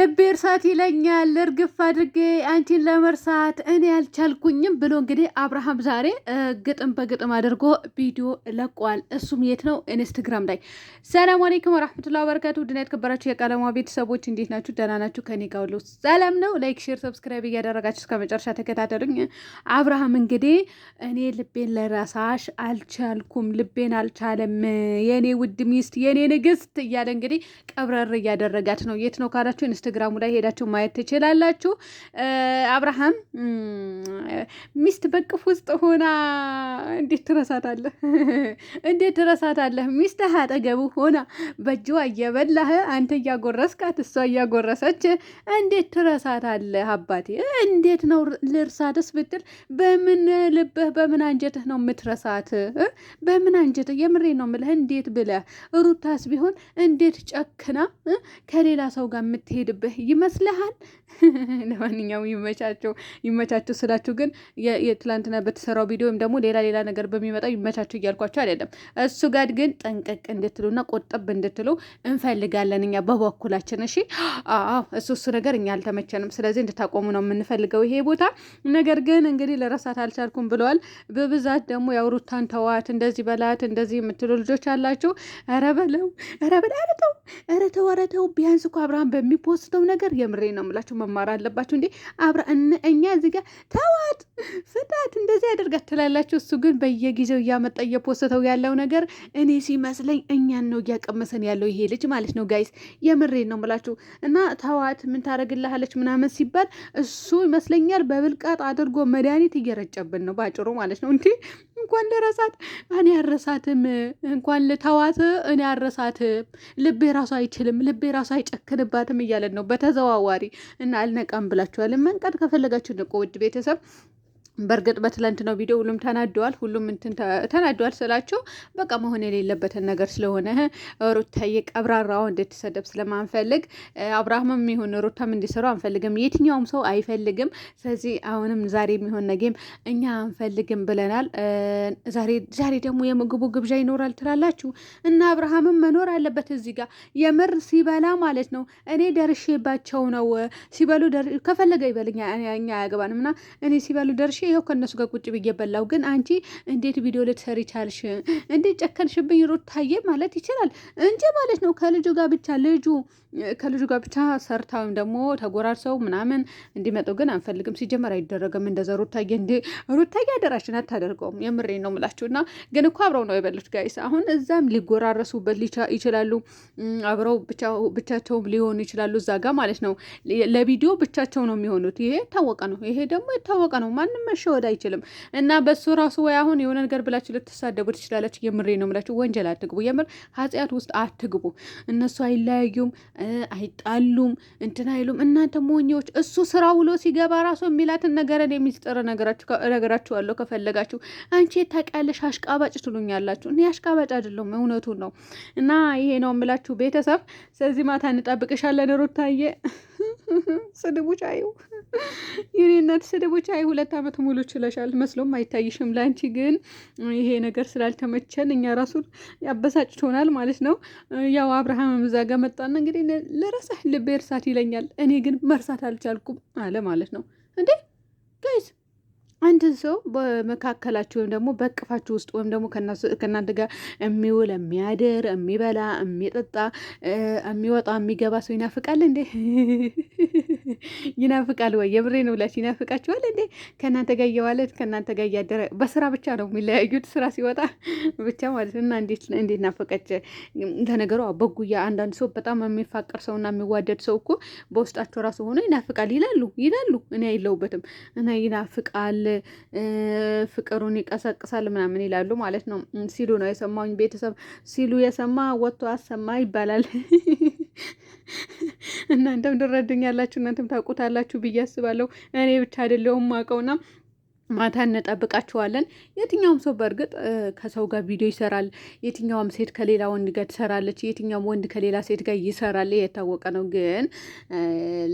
ልቤ እርሳት ይለኛል እርግፍ አድርጌ አንቺን ለመርሳት እኔ ያልቻልኩኝም ብሎ እንግዲህ አብርሃም ዛሬ ግጥም በግጥም አድርጎ ቪዲዮ ለቋል። እሱም የት ነው? ኢንስትግራም ላይ። ሰላም አለይኩም ወራህመቱላሂ ወበረካቱ ድና የተከበራችሁ የቀለማ ቤተሰቦች እንዴት ናችሁ? ደህና ናችሁ? ከኔ ጋር ሁሉ ሰላም ነው። ላይክ፣ ሼር፣ ሰብስክራይብ እያደረጋችሁ እስከ መጨረሻ ተከታተሉኝ። አብርሃም እንግዲህ እኔ ልቤን ለራሳሽ አልቻልኩም፣ ልቤን አልቻለም፣ የኔ ውድ ሚስት፣ የኔ ንግስት እያለ እንግዲህ ቀብረር እያደረጋት ነው። የት ነው ካላችሁ ኢንስታግራሙ ላይ ሄዳችሁ ማየት ትችላላችሁ። አብርሃም ሚስት በቅፍ ውስጥ ሆና እንዴት ትረሳታለህ? እንዴት ትረሳታለህ? ሚስት አጠገቡ ሆና በእጅዋ እየበላህ አንተ እያጎረስካት እሷ እያጎረሰች እንዴት ትረሳታለህ? አባቴ እንዴት ነው ልርሳትስ ብትል በምን ልብህ በምን አንጀትህ ነው የምትረሳት? በምን አንጀትህ የምሬ ነው ምልህ እንዴት ብለህ ሩታስ ቢሆን እንዴት ጨክና ከሌላ ሰው ጋር የምትሄድ የሚችልብህ ይመስልሃል? ለማንኛውም ይመቻቸው ይመቻቸው ስላችሁ ግን የትላንትና በተሰራው ቪዲዮ ወይም ደግሞ ሌላ ሌላ ነገር በሚመጣው ይመቻቸው እያልኳቸው አይደለም። እሱ ጋድ ግን ጠንቀቅ እንድትሉና ቆጠብ እንድትሉ እንፈልጋለን እኛ በበኩላችን። እሺ አዎ፣ እሱ እሱ ነገር እኛ አልተመቸንም። ስለዚህ እንድታቆሙ ነው የምንፈልገው ይሄ ቦታ። ነገር ግን እንግዲህ ለረሳት አልቻልኩም ብለዋል። በብዛት ደግሞ ያውሩታን ተዋት፣ እንደዚህ በላት፣ እንደዚህ የምትሉ ልጆች አላችሁ። ረበለው ረበለ ረተው ረተው ረተው ቢያንስ እኮ አብርሃም በሚፖስ የሚያስደስተው ነገር የምሬ ነው የምላቸው መማር አለባቸው። እንዴ አብረ እኛ እዚህ ጋር ተዋት ፍታት እንደዚህ ያደርጋት ትላላቸው። እሱ ግን በየጊዜው እያመጣ እየፖስተው ያለው ነገር እኔ ሲመስለኝ እኛን ነው እያቀመሰን ያለው ይሄ ልጅ ማለት ነው። ጋይስ የምሬ ነው የምላችሁ እና ተዋት ምን ታደርግልሃለች ምናምን ሲባል እሱ ይመስለኛል በብልቃጥ አድርጎ መድኃኒት እየረጨብን ነው በአጭሩ ማለት ነው እንዴ እንኳን ደረሳት። እኔ አረሳትም፣ እንኳን ልተዋት እኔ አረሳትም። ልቤ ራሱ አይችልም፣ ልቤ ራሱ አይጨክንባትም እያለን ነው በተዘዋዋሪ እና አልነቃም ብላችኋል። መንቀድ ከፈለጋችሁ ንቆ ውድ ቤተሰብ በእርግጥ በትላንትናው ቪዲዮ ሁሉም ተናደዋል። ሁሉም እንትን ተናደዋል ስላቸው በቃ መሆን የሌለበትን ነገር ስለሆነ ሩታዬ ቀብራራዋ እንድትሰደብ ስለማንፈልግ አብርሃምም ይሁን ሩታም እንዲሰሩ አንፈልግም፣ የትኛውም ሰው አይፈልግም። ስለዚህ አሁንም ዛሬ የሚሆን ነገም እኛ አንፈልግም ብለናል። ዛሬ ደግሞ የምግቡ ግብዣ ይኖራል ትላላችሁ እና አብርሃምም መኖር አለበት እዚህ ጋር የምር ሲበላ ማለት ነው። እኔ ደርሼባቸው ነው ሲበሉ ከፈለገ ይበልኛ እኛ አያገባንም እና እኔ ሲበሉ ደርሼ ይኸው ከእነሱ ጋር ቁጭ ብዬ በላው። ግን አንቺ እንዴት ቪዲዮ ልትሰሪ ቻልሽ? እንዴት ጨከንሽብኝ? ሩታዬ ማለት ይችላል እንጂ ማለት ነው ከልጁ ጋር ብቻ ልጁ ከልጁ ጋር ብቻ ሰርታ ወይም ደግሞ ተጎራርሰው ምናምን እንዲመጡ ግን አንፈልግም። ሲጀመር አይደረግም እንደዛ። ሩታዬ እንዴ ሩታዬ አደራሽን አታደርገውም። የምሬ ነው ምላችሁ እና ግን እኮ አብረው ነው የበሉት ጋይስ። አሁን እዛም ሊጎራረሱበት ይችላሉ፣ አብረው ብቻቸው ሊሆኑ ይችላሉ። እዛ ጋር ማለት ነው ለቪዲዮ ብቻቸው ነው የሚሆኑት። ይሄ የታወቀ ነው። ይሄ ደግሞ የታወቀ ነው። ማንም እሺ ወደ አይችልም እና በሱ ራሱ ወይ አሁን የሆነ ነገር ብላችሁ ልትሳደቡ ትችላላችሁ። የምሬ ነው የምላችሁ። ወንጀል አትግቡ፣ የምር ኃጢአት ውስጥ አትግቡ። እነሱ አይለያዩም፣ አይጣሉም፣ እንትን አይሉም። እናንተ ሞኞች፣ እሱ ስራ ውሎ ሲገባ ራሱ የሚላትን ነገርን የሚስጥር ነገራችኋለሁ ከፈለጋችሁ። አንቺ ታውቂያለሽ አሽቃባጭ ትሉኛላችሁ። እኔ አሽቃባጭ አይደለሁም፣ እውነቱን ነው። እና ይሄ ነው ምላችሁ ቤተሰብ። ስለዚህ ማታ እንጠብቅሻለን ሩታዬ። ስድቦች አዩ የኔ እናት ስድቦች አይ ሁለት ዓመት ሙሉ ችለሻል፣ መስሎም አይታይሽም። ለአንቺ ግን ይሄ ነገር ስላልተመቸን እኛ ራሱ ያበሳጭቶናል ማለት ነው። ያው አብርሃም ምዛጋ መጣና እንግዲህ ልረሳህ ልቤ እርሳት ይለኛል፣ እኔ ግን መርሳት አልቻልኩም አለ ማለት ነው። እንዴ ጋይስ አንድን ሰው በመካከላችሁ ወይም ደግሞ በቅፋችሁ ውስጥ ወይም ደግሞ ከእናንተ ጋር የሚውል የሚያድር የሚበላ የሚጠጣ የሚወጣ የሚገባ ሰው ይናፍቃል እንዴ? ይናፍቃል ወይ? የምሬ ነው ብላችሁ ይናፍቃችኋል እንዴ? ከእናንተ ጋር እየዋለ ከእናንተ ጋር እያደረ በስራ ብቻ ነው የሚለያዩት፣ ስራ ሲወጣ ብቻ ማለት እና እንዴት ናፈቀች። ለነገሩ በጉያ አንዳንድ ሰው በጣም የሚፋቀር ሰውና የሚዋደድ ሰው እኮ በውስጣቸው ራሱ ሆኖ ይናፍቃል ይላሉ ይላሉ። እኔ አይለውበትም እና ይናፍቃል፣ ፍቅሩን ይቀሰቅሳል ምናምን ይላሉ ማለት ነው ሲሉ ነው የሰማኝ ቤተሰብ ሲሉ የሰማ ወጥቶ አሰማ ይባላል። እናንተም ያላችሁ እናንተም ታውቁታላችሁ ብዬ አስባለሁ። እኔ ብቻ አይደለሁም ማውቀውና ማታ እንጠብቃችኋለን። የትኛውም ሰው በእርግጥ ከሰው ጋር ቪዲዮ ይሰራል። የትኛውም ሴት ከሌላ ወንድ ጋር ትሰራለች። የትኛውም ወንድ ከሌላ ሴት ጋር ይሰራል። የታወቀ ነው። ግን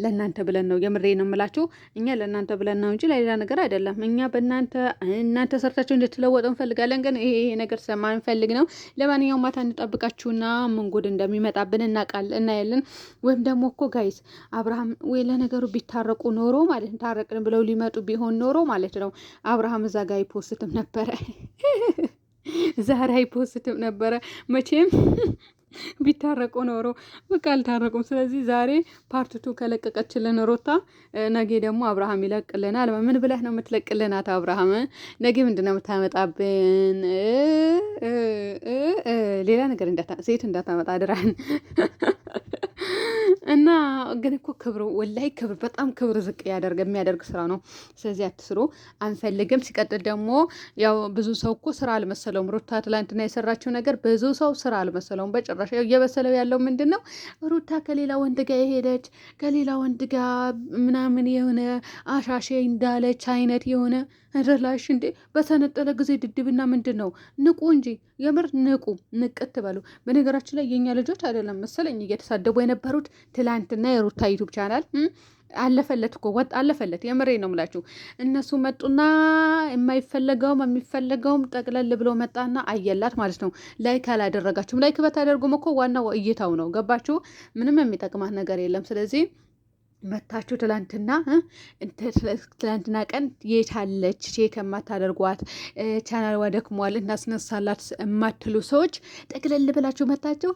ለእናንተ ብለን ነው፣ የምሬ ነው የምላችሁ። እኛ ለእናንተ ብለን ነው እንጂ ለሌላ ነገር አይደለም። እኛ በእናንተ እናንተ ሰርታችሁ እንድትለወጡ እንፈልጋለን። ግን ይሄ ነገር ስለማንፈልግ ነው። ለማንኛውም ማታ እንጠብቃችሁና ምን ጉድ እንደሚመጣብን እናቃል እናያለን። ወይም ደግሞ እኮ ጋይስ አብርሃም ወይ ለነገሩ ቢታረቁ ኖሮ ማለት ታረቅን ብለው ሊመጡ ቢሆን ኖሮ ማለት ነው አብርሃም እዛ ጋር አይፖስትም ነበረ፣ ዛሬ አይፖስትም ነበረ። መቼም ቢታረቁ ኖሮ በቃ አልታረቁም። ስለዚህ ዛሬ ፓርትቱ ከለቀቀችልን ሮታ ነጌ ደግሞ አብርሃም ይለቅልናል። ምን ብለህ ነው የምትለቅልናት? አብርሃም ነገ ምንድን ነው የምታመጣብን? ሌላ ነገር ሴት እንዳታመጣ ድራን እና ግን እኮ ክብር ወላይ ክብር በጣም ክብር ዝቅ ያደርግ የሚያደርግ ስራ ነው። ስለዚህ አትስሩ፣ አንፈልግም። ሲቀጥል ደግሞ ያው ብዙ ሰው እኮ ስራ አልመሰለውም። ሩታ ትላንትና የሰራችው ነገር ብዙ ሰው ስራ አልመሰለውም በጭራሽ። እየበሰለው ያለው ምንድን ነው? ሩታ ከሌላ ወንድ ጋር የሄደች ከሌላ ወንድ ጋር ምናምን የሆነ አሻሼ እንዳለች አይነት የሆነ ረላሽ እንዴ! በተነጠለ ጊዜ ድድብና ምንድን ነው ንቁ እንጂ የምር ንቁ፣ ንቅት በሉ። በነገራችን ላይ የኛ ልጆች አይደለም መሰለኝ እየተሳደቡ የነበሩት ትላንትና የሩታ ዩቱብ ቻናል አለፈለት እኮ ወጥ አለፈለት። የምሬ ነው ምላችሁ። እነሱ መጡና የማይፈለገውም የሚፈለገውም ጠቅለል ብሎ መጣና አየላት ማለት ነው። ላይክ አላደረጋችሁም። ላይክ በታደርጉም እኮ ዋናው እይታው ነው። ገባችሁ? ምንም የሚጠቅማት ነገር የለም። ስለዚህ መታችሁ ትላንትና ትላንትና ቀን የታለች ቼክ የማታደርጓት ቻናል ወደክሟል እናስነሳላት የማትሉ ሰዎች ጠቅለል ብላችሁ መታችሁ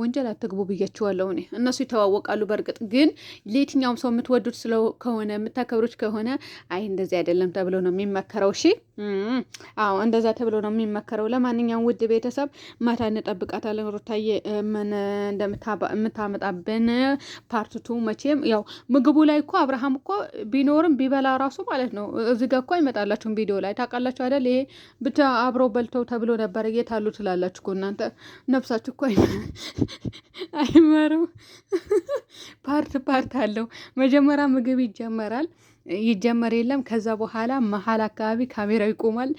ወንጀል አትግቡ ብያችኋለሁ። እኔ እነሱ ይተዋወቃሉ። በእርግጥ ግን ለየትኛውም ሰው የምትወዱት ስለ ከሆነ የምታከብሩት ከሆነ አይ እንደዚህ አይደለም ተብሎ ነው የሚመከረው። እሺ፣ አዎ እንደዛ ተብሎ ነው የሚመከረው። ለማንኛውም ውድ ቤተሰብ ማታ እንጠብቃታለን። ሩታዬ ምን እንደምታመጣብን ፓርትቱ። መቼም ያው ምግቡ ላይ እኮ አብርሃም እኮ ቢኖርም ቢበላ ራሱ ማለት ነው እዚህ ጋ እኮ አይመጣላችሁም። ቪዲዮ ላይ ታውቃላችሁ አይደል? ይሄ ብቻ አብረው በልተው ተብሎ ነበር። የት አሉ ትላላችሁ እናንተ ነፍሳችሁ እኮ አይመርም። ፓርት ፓርት አለው። መጀመሪያ ምግብ ይጀመራል ይጀመር የለም ከዛ በኋላ መሀል አካባቢ ካሜራ ይቆማል።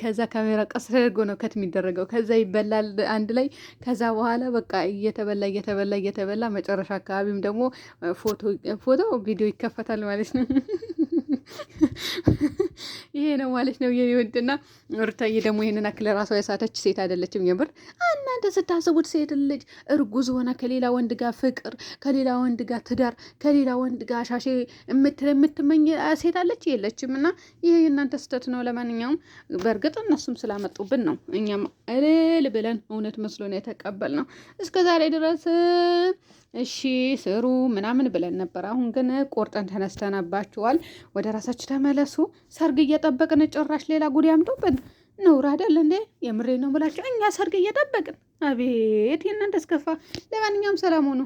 ከዛ ካሜራ ቀስ ተደርጎ ነው ከት የሚደረገው። ከዛ ይበላል አንድ ላይ። ከዛ በኋላ በቃ እየተበላ እየተበላ እየተበላ መጨረሻ አካባቢም ደግሞ ፎቶ ፎቶ ቪዲዮ ይከፈታል ማለት ነው። ይሄ ነው ማለት ነው የኔ ውድና ሩታዬ ደግሞ ይህንን አክል ራሷ የሳተች ሴት አይደለችም። የምር እናንተ ስታስቡት ሴት ልጅ እርጉዝ ሆነ ከሌላ ወንድ ጋር ፍቅር፣ ከሌላ ወንድ ጋር ትዳር፣ ከሌላ ወንድ ጋር ሻሼ የምትመኝ ሴት አለች የለችም። እና ይሄ የእናንተ ስህተት ነው። ለማንኛውም በእርግጥ እነሱም ስላመጡብን ነው እኛም እልል ብለን እውነት መስሎን የተቀበል ነው እስከ ዛሬ ድረስ እሺ ስሩ ምናምን ብለን ነበር። አሁን ግን ቆርጠን ተነስተናባችኋል ወደ ራሳችሁ ተመለሱ። ሰርግ እየጠበቅን ጭራሽ ሌላ ጉድ ያምጡብን ነውር አይደል እንዴ? የምሬ ነው ብላችሁ እኛ ሰርግ እየጠበቅን አቤት ይህን እንደስከፋ። ለማንኛውም ሰላም ሆኑ።